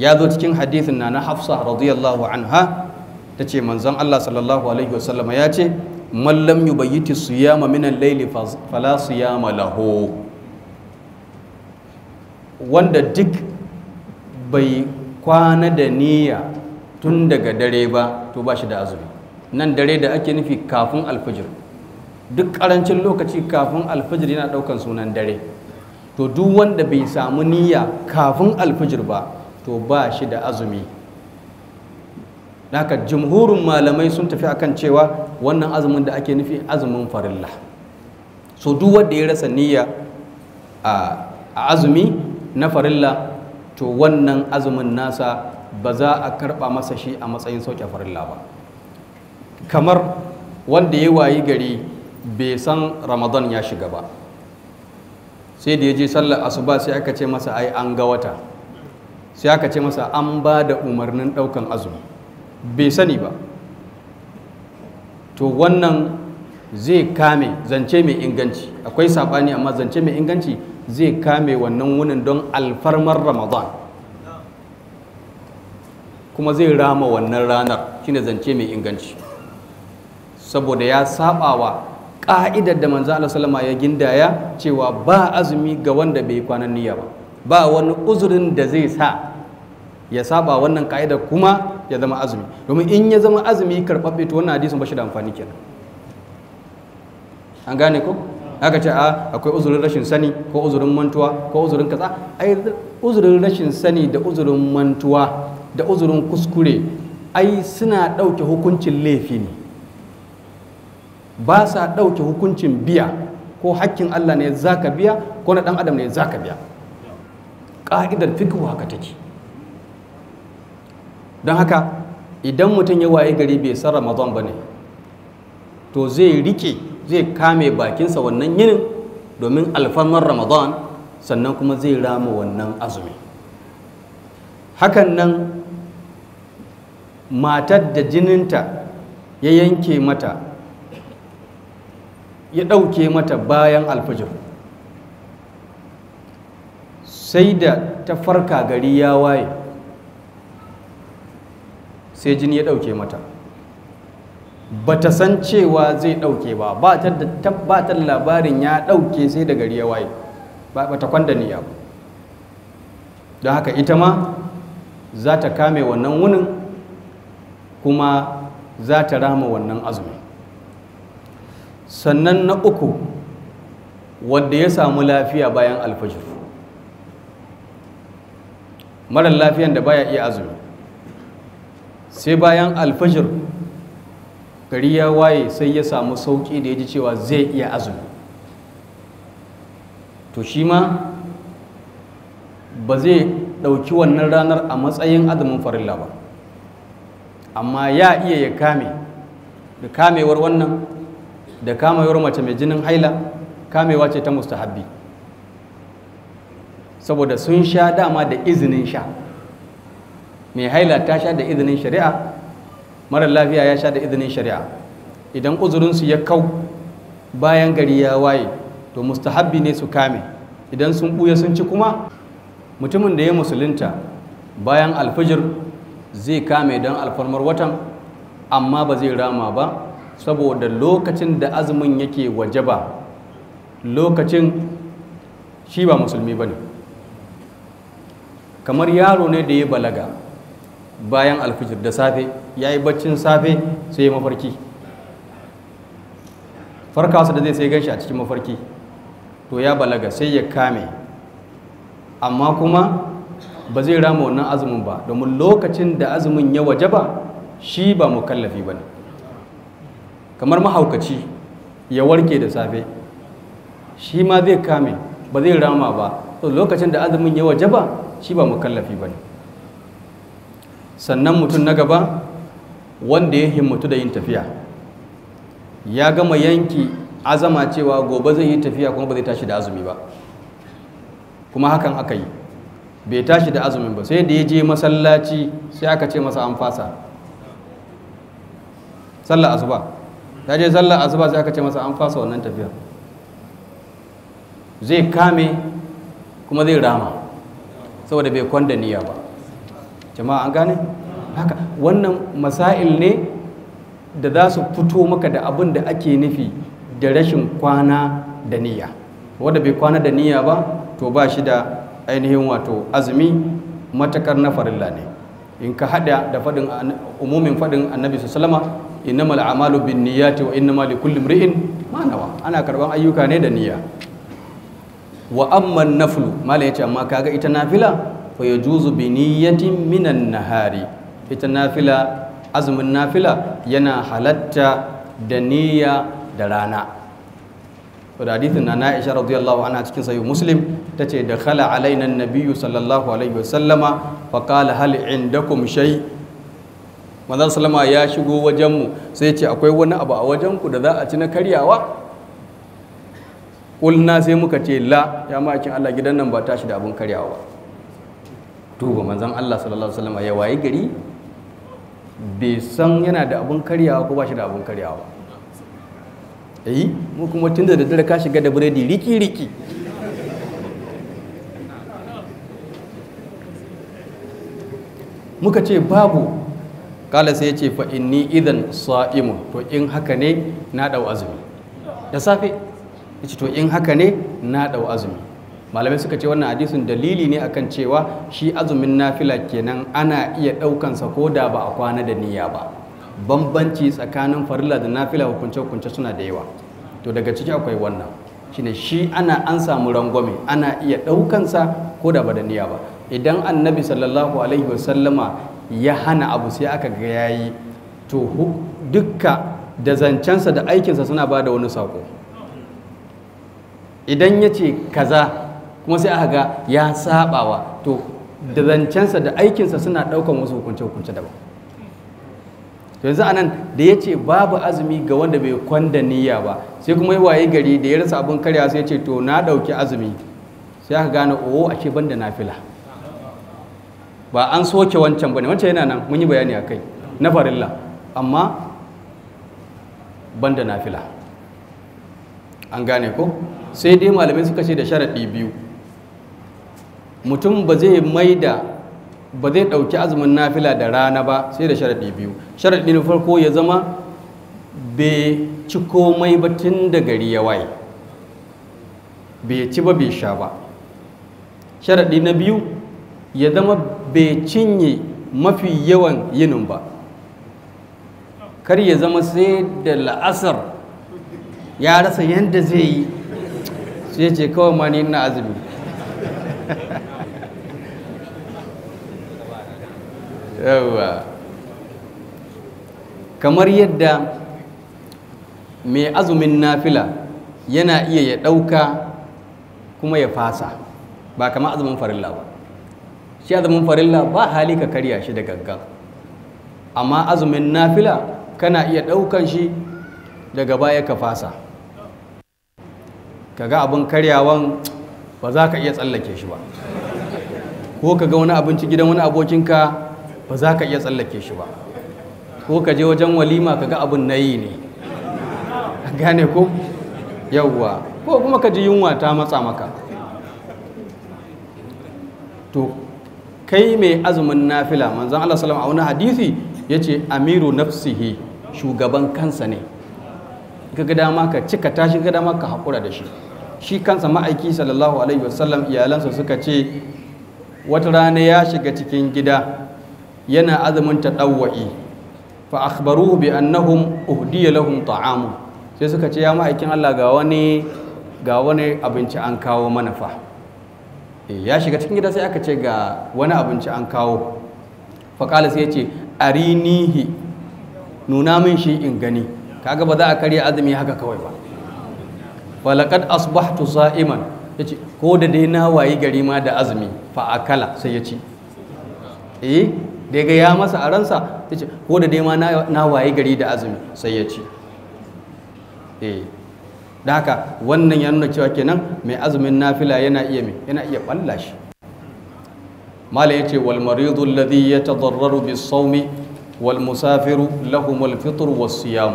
ya zo cikin hadithin na na hafsa radiyallahu anha ta ce manzon Allah sallallahu alaihi wasallama ya ce mallam su yama minan laili fala yama laho wanda duk bai kwana da niyya tun daga dare ba to ba shi da azumi nan dare da ake nufi kafin alfijir duk karancin lokaci kafin alfijir yana ɗaukan sunan dare to duk wanda bai samu niyya kafin alfijir ba to ba shi da azumi haka jimhurin malamai sun tafi akan cewa wannan azumin da ake nufi azumin farilla so duk wanda ya rasa niyya a azumi na farilla to wannan azumin nasa ba za a karɓa masa shi a matsayin sauke farilla ba kamar wanda ya wayi gari bai san ramadan ya shiga ba sai da ya je sallar asuba sai aka ce masa ai an ga wata sai aka ce masa an ba da umarnin daukan azumi bai sani ba to wannan zai kame zance mai inganci akwai saɓani amma zance mai inganci zai kame wannan wunin don alfarmar ramadan kuma zai rama wannan ranar shine zance mai inganci saboda ya wa. ƙa'idar da manzo Allah sallama ya gindaya cewa ba azumi ga wanda bai kwanan niyya ba ba wani uzurin da zai sa ya saba wannan ka'idar kuma ya zama azumi domin in ya zama azumi karɓaɓɓe to wannan hadisin ba shi da amfani kenan an gane ko aka ce a akwai uzurin rashin sani ko uzurin mantuwa ko uzurin kaza ai uzurin rashin sani da uzurin mantuwa da uzurin kuskure ai suna ɗauke hukuncin laifi ne ba sa ɗauke hukuncin biya ko hakkin Allah ne za ka biya ko na ɗan adam ne za ka biya ƙa'idar fikihu haka take don haka idan mutum ya waye gari bai san ramadan ba ne to zai rike zai kame bakinsa wannan yinin domin alfarmar ramadan sannan kuma zai rama wannan azumi hakan nan matar da jininta ya yanke mata ya ɗauke mata bayan alfajir sai da ta farka gari ya waye sai jini ya ɗauke mata ba ta san cewa zai ɗauke ba ba ta labarin ya ɗauke sai da gari ya waye ba ta kwanda ni ba don haka ita ma za ta kame wannan wunin kuma za ta rama wannan azumi sannan na uku wanda ya samu lafiya bayan alfajir marar lafiyan da baya iya azumi sai bayan alfajir gari ya waye sai ya samu sauƙi da ya ji cewa zai iya azumi to shi ma ba zai ɗauki wannan ranar a matsayin azumin farilla ba amma ya iya ya kame da kamewar wannan da kamewar mace mai jinin haila kamewa ce ta mustahabbi saboda sun sha dama da izinin sha mai haila ta sha da izinin shari'a marar lafiya ya sha da izinin shari'a idan uzurinsu ya kau bayan gari ya waye to mustahabbi ne su kame idan sun ɓuya sun ci kuma mutumin da ya musulunta bayan alfijir zai kame don alfarmar watan amma ba zai rama ba saboda lokacin da azumin yake wajaba lokacin shi ba musulmi ba ne kamar yaro ne da ya balaga bayan alfijir da safe ya yi baccin safe sai ya mafarki farkawarsa da zai sai ganshi a cikin mafarki to ya balaga sai ya kame amma kuma ba zai rama wannan azumin ba domin lokacin da azumin ya wajaba shi ba mukallafi ba ne kamar mahaukaci ya warke da safe shi ma zai kame ba zai rama ba lokacin da azumin ya waje ba shi ba mukallafi ba ne sannan mutum na gaba wanda ya himmatu da yin tafiya ya gama yanki azama cewa gobe zai yi tafiya kuma ba zai tashi da azumi ba kuma hakan aka yi bai tashi da azumin ba sai da ya je masallaci sai aka ce masa an fasa sallah asuba ya je zalla asuba sai aka ce masa an fasa wannan tafiya zai kame kuma zai rama saboda bai kwanda niyya ba jama'a an gane haka wannan masail ne da za su fito maka da abin da ake nufi da rashin kwana da niyya wanda bai kwana da niyya ba to ba shi da ainihin wato azumi matakar na farilla ne in ka hada da umumin faɗin annabi su salama innamal a'malu binniyati wa innamal likulli imri'in ma nawa ana karban ayyuka ne da niyya wa amma naflu mala yace amma kaga ita nafila fa yajuzu bi niyyatin minan nahari ita nafila azumin nafila yana halatta da niyya da rana da hadithin na na'isha radiyallahu anha cikin sayi muslim ta ce da khala alaina nabiyyu sallallahu alaihi wasallama fa qala hal indakum shay' mazan salama ya shigo wajenmu sai ce akwai wani abu a wajenku da za a ci na karyawa ƙulna sai muka ce la ya makin Allah gidan nan ba tashi da abin karyawa tuba mazan Allah sallallahu alaihi wasallam ya wayi gari bai san yana da abin karyawa ko ba shi da abin karyawa yi eh, mu kuma tun da dare ka shiga da biredi riki riki muka ce babu kala sai ya ce fa inni idan sa'imu to in haka ne na dau azumi da safe yace to in haka ne na dau azumi malamai suka ce wannan hadisin dalili ne akan cewa shi azumin nafila kenan ana iya ɗaukansa ko da ba a kwana da niyya ba bambanci tsakanin farilla da nafila hukunce hukunce suna da yawa to daga ciki akwai wannan shine shi ana an samu rangwame ana iya ɗaukansa ko da ba da niyya ba idan annabi sallallahu alaihi wasallama ya hana abu sai aka ga yayi to dukka da zancensa da aikinsa suna ba da wani sako idan ya ce kaza kuma sai aka ga ya sabawa to da zancensa da aikinsa suna ɗaukan wasu hukunce-hukunce daban yanzu a nan da ya ce babu azumi ga wanda bai kwanda niyya ba sai kuma yi waye gari da ya rasa abin karya sai ya ce to na ɗauki azumi sai aka gane owo a banda na fila. ba an soke wancan bane wancan yana nan mun yi bayani a kai na farilla amma banda nafila an gane ko sai dai malamai suka ce da sharaɗi biyu mutum ba zai mai da ba zai ɗauki azumin nafila da rana ba sai da sharaɗi biyu sharaɗi na farko ya zama bai ci komai ba tun da gari ya waye bai ci ba bai sha ba sharaɗi na biyu ya zama bai cinye mafi yawan yinin ba kar ya zama sai da la'asar ya rasa yadda zai yi sai ce kawai ma ni na azumi yawa kamar yadda mai azumin nafila yana iya ya ɗauka kuma ya fasa ba kamar azumin farin ba shi azumin farilla ba hali ka karya shi da gangan amma azumin nafila kana iya ɗaukan shi daga baya ka fasa Ka ga abin karyawan ba za ka iya tsallake shi ba ko ka ga wani abinci gidan wani abokinka ba za ka iya tsallake shi ba ko ka je wajen walima ka ga abin na yi ne gane ko yauwa ko kuma ka ji yunwa ta matsa maka to kai mai azumin nafila manzon Allah sallallahu a wani hadisi yace amiru nafsihi shugaban kansa ne ga dama ka cika tashi ga dama ka hakura da shi shi kansa ma'aiki sallallahu alaihi wasallam iyalansa suka ce wata rana ya shiga cikin gida yana azumin ta ɗauwa'i fa akhbaruhu bi annahum uhdiya lahum sai suka ce ya ma'aikin Allah ga wani ga wani abinci an kawo mana fa Eh, ya shiga cikin gida sai aka ce ga wani abinci an kawo faƙalis ya ce arinihi nuna min shi in gani kaga ba za a karya azumi haka kawai ba falakad asbahtu sa'iman ya ce ko da dai na wayi gari ma da azumi fa akala sai ya ci eh daga ya masa a ransa ya ce ko da dai ma na wayi gari da azumi sai ya ci eh da haka wannan ya nuna cewa kenan mai azumin nafila yana iya mai yana iya balla shi mala yace ce, walmaridu alladhi yatadarraru bis sawmi wal musafiru lahum al fitr siyam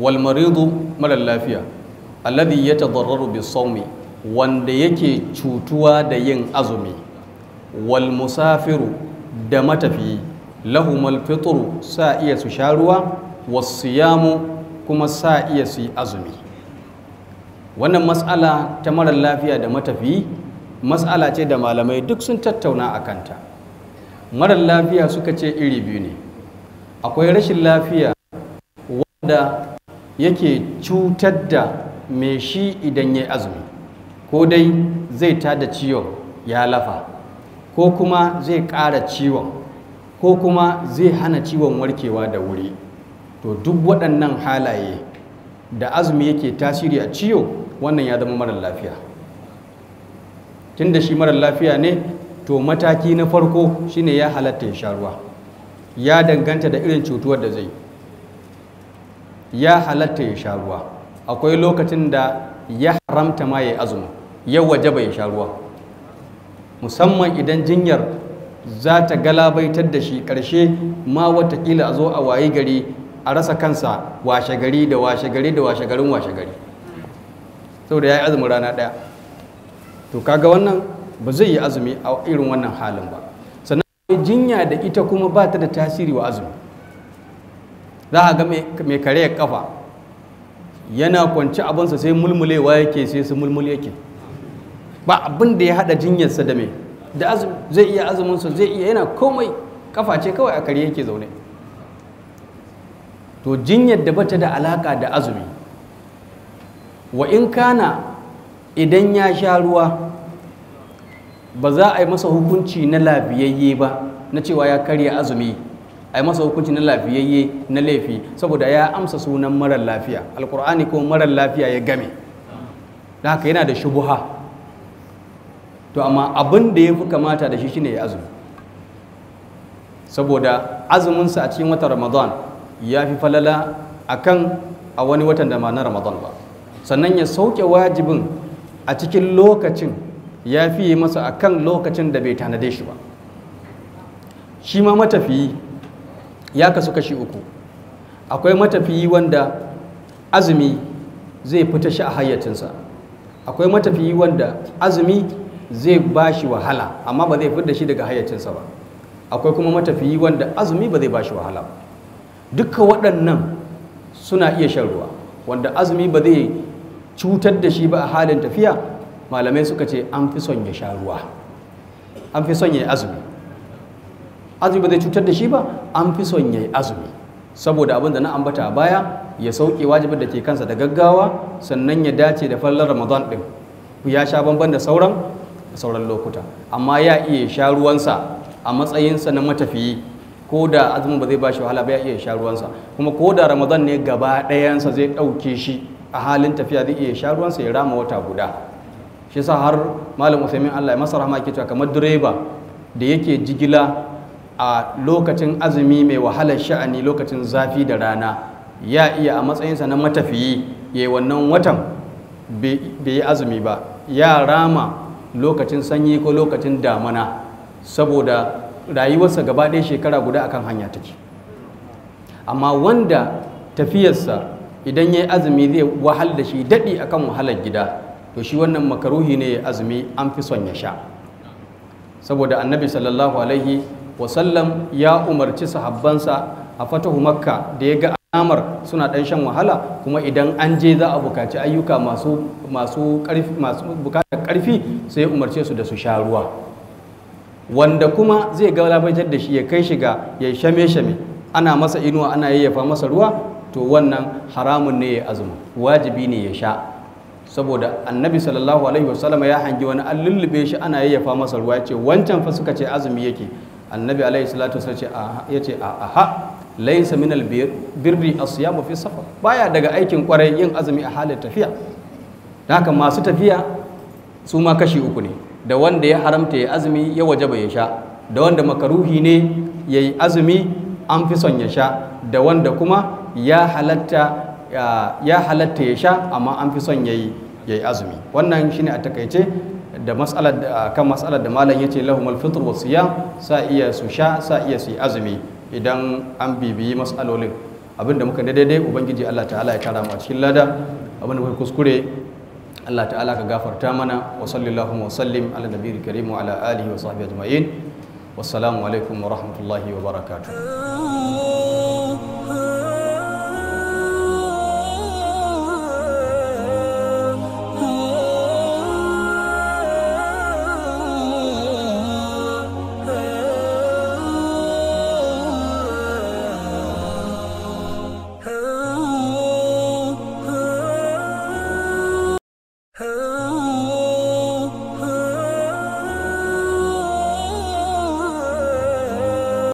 wal maridu mara lafiya alladhi yatadarraru bis wanda yake cutuwa da yin azumi wal musafiru da matafiyi lahum al fitr sa iya su sharuwa was siyamu kuma sa iya su yi azumi wannan matsala ta marar lafiya da matafiyi matsala ce da malamai duk sun tattauna a kanta marar lafiya suka ce iri biyu ne akwai rashin lafiya wanda yake cutar da mai shi idan ya azumi ko dai zai tada ciwon ya lafa ko kuma zai ƙara ciwon ko kuma zai hana ciwon warkewa da wuri to duk waɗannan halaye da azumi yake tasiri a ciyo wannan ya zama marar lafiya tun shi marar lafiya ne to mataki na farko shine ya halatta ya sha ya danganta da irin cutuwar da zai ya halatta ya sha ruwa akwai lokacin da ya haramta ma ya azumi yau waje bai sha ruwa musamman idan jinyar za ta galabaitar da shi ƙarshe ma watakila a zo a waye gari a rasa kansa washe gari da washe gari da washe garin washe gari saboda ya yi azumin rana ɗaya to kaga wannan ba zai yi azumi a irin wannan halin ba sannan jinya da ita kuma ba ta da tasiri wa azumi za a ga mai kare ya kafa yana kwanci abinsa sai mulmulewa yake sai su mulmule yake ba abin da ya haɗa jinyarsa da mai da azumi zai iya azuminsa zai iya yana komai kafa ce kawai a kare yake zaune to jinyar da bata da alaka da azumi wa in kana idan ya sha ruwa ba za a yi masa hukunci na lafiyayye ba na cewa ya karya azumi a yi masa hukunci na lafiyayye na laifi saboda ya amsa sunan marar lafiya alkur'ani ko marar lafiya ya game da haka yana da shubuha to amma abin da ya fi kamata da shi shine ya azumi saboda azuminsa a cikin watan ramadan ya fi falala a kan a wani watan da ma na ramadan ba sannan ya sauke wajibin a cikin lokacin ya fiye masa a kan lokacin da bai tanade shi ba shi ma matafiyi ya kasu kashi uku akwai matafiyi wanda azumi zai fita shi a hayyacinsa akwai matafiyi wanda azumi zai ba shi wahala amma ba zai fita shi daga hayyacinsa ba akwai kuma matafiyi wanda azumi ba zai ba shi wahala ba duka waɗannan suna iya shan ruwa wanda azumi ba zai cutar da shi ba a halin tafiya malamai suka ce an fi son ya sha ruwa an fi son ya yi azumi azumi ba zai cutar da shi ba an fi son ya yi azumi saboda abin da na ambata a baya ya sauke wajibin da ke kansa da gaggawa sannan ya dace da fallar ramadan ɗin ya sha bamban da sauran sauran lokuta amma ya iya sha ruwansa a matsayinsa na matafiyi ko da azumin ba zai ba shi wahala ba ya iya sha ruwansa kuma ko da ramadan ne gaba ɗayansa zai ɗauke shi a halin tafiya zai iya sha ruwansa ya rama wata guda shi sa har malam usaimin allah ya masa rahama ke cewa kamar direba da yake jigila a lokacin azumi mai wahalar sha'ani lokacin zafi da rana ya iya a matsayinsa na matafiyi ya yi wannan watan bai yi azumi ba ya rama lokacin sanyi ko lokacin damana saboda rayuwarsa gaba ɗaya shekara guda akan hanya take amma wanda tafiyarsa idan ya yi azumi zai wahal da shi daɗi akan wahalar gida to shi wannan makaruhi ne ya azumi an fi son ya sha saboda annabi sallallahu alaihi wasallam ya umarci sahabbansa a fatahu makka da ya ga alamar suna ɗan shan wahala kuma idan an je za a bukaci ayyuka masu bukatar karfi sai ya umarce su da su sha ruwa wanda kuma zai galabaitar da shi ya kai shiga ya shame shame ana masa inuwa ana yayyafa masa ruwa to wannan haramun ne ya azumi wajibi ne ya sha saboda annabi sallallahu alaihi wasallam ya hangi wani an lullube shi ana yayyafa masa ruwa ce wancan fa suka ce azumi yake annabi alaihi salatu wasallam ce ya ce aha laysa min albirri asyamu fi safar baya daga aikin kwarai yin azumi a halin tafiya haka masu tafiya su ma kashi uku ne da wanda ya haramta ya azumi ya ba ya sha da wanda makaruhi ne ya yi azumi an fi son ya sha da wanda kuma ya halatta ya sha amma an fi son ya yi azumi wannan shi ne a takaice da matsalar kan matsalar da malam ya ce lahumul fitr wa sa iya su sha sa iya su yi azumi idan an bibiyi matsalolin abinda muka daidai ubangiji Allah ta'ala ya kara mu cikin lada abinda muka kuskure Allah ta'ala ka gafarta mana wa sallallahu wa sallim ala nabiyil karim wa ala alihi wa sahbihi ajma'in wassalamu alaikum wa rahmatullahi wa barakatuh